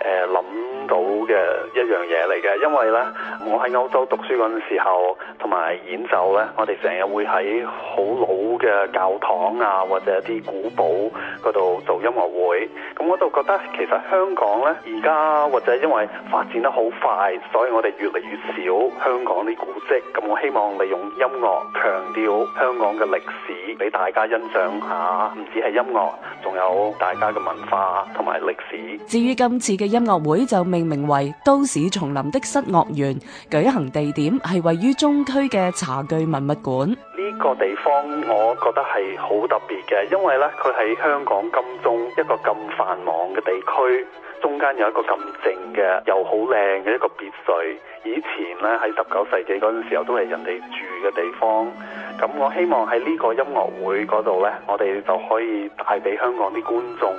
誒諗到嘅一樣嘢嚟嘅，因為咧，我喺歐洲讀書嗰陣時候，同埋演奏咧，我哋成日會喺好老嘅教堂啊，或者啲古堡度做音樂會，咁我就覺得其實香港咧，而家或者因為發展得好快，所以我哋越嚟越少香港啲古蹟，咁我希望利用音樂強調。香港嘅歷史俾大家欣賞下，唔止係音樂，仲有大家嘅文化同埋歷史。至於今次嘅音樂會就命名為《都市叢林的失樂園》，舉行地點係位於中區嘅茶具文物館。呢個地方我覺得係好特別嘅，因為呢，佢喺香港金鐘一個咁繁忙嘅地區，中間有一個咁靜嘅又好靚嘅一個別墅。以前呢喺十九世紀嗰陣時候都係人哋住嘅地方。咁我希望喺呢個音樂會嗰度咧，我哋就可以帶俾香港啲觀眾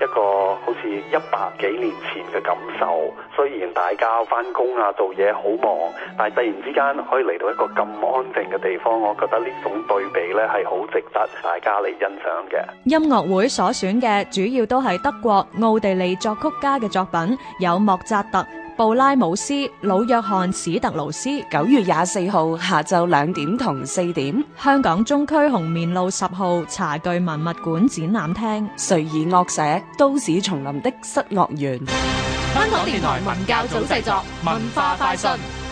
一個好似一百幾年前嘅感受。雖然大家翻工啊做嘢好忙，但係突然之間可以嚟到一個咁安靜嘅地方，我覺得呢種對比咧係好值得大家嚟欣賞嘅。音樂會所選嘅主要都係德國、奧地利作曲家嘅作品，有莫扎特。布拉姆斯、老約翰·史特勞斯，九月廿四號下晝兩點同四點，香港中區紅棉路十號茶具文物館展覽廳，瑞爾樂社《都市叢林的失樂園》。香港電台文教組製作，文化快訊。